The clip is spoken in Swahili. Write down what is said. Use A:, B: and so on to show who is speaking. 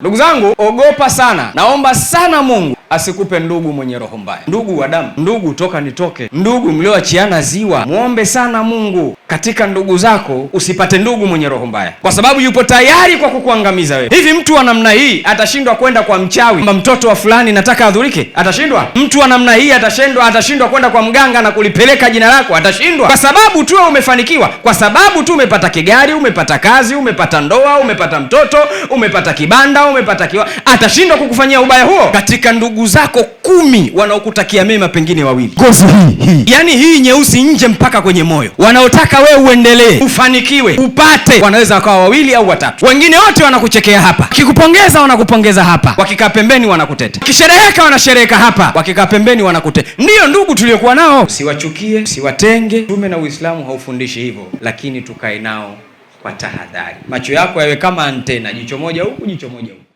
A: Ndugu zangu, ogopa sana, naomba sana Mungu asikupe ndugu mwenye roho mbaya, ndugu wa damu, ndugu toka nitoke, ndugu mlioachiana ziwa. Mwombe sana Mungu katika ndugu zako, usipate ndugu mwenye roho mbaya, kwa sababu yupo tayari kwa kukuangamiza wewe. Hivi mtu wa namna hii atashindwa kwenda kwa mchawi kwamba mtoto wa fulani nataka adhurike? Atashindwa? Mtu wa namna hii atashindwa, atashindwa kwenda kwa mganga na kulipeleka jina lako? Atashindwa? Kwa sababu tu umefanikiwa, kwa sababu tu umepata kigari, umepata kazi, umepata ndoa, umepata mtoto, umepata kibanda, umepata kiwa, atashindwa kukufanyia ubaya huo katika ndugu ndugu zako kumi wanaokutakia mema pengine wawili. Ngozi hii hii, yaani hii nyeusi nje mpaka kwenye moyo, wanaotaka wewe uendelee, ufanikiwe, upate, wanaweza wakawa wawili au watatu. Wengine wote wanakuchekea hapa, wakikupongeza wanakupongeza hapa, wakikaa pembeni wanakuteta, kisherehekea wanashereheka hapa, wakikaa pembeni wanakuteta. Ndiyo ndugu tuliokuwa nao. Usiwachukie, siwatenge Tume na Uislamu haufundishi hivyo, lakini tukae nao kwa tahadhari. Macho yako yawe kama antena, jicho moja huku, jicho moja huku.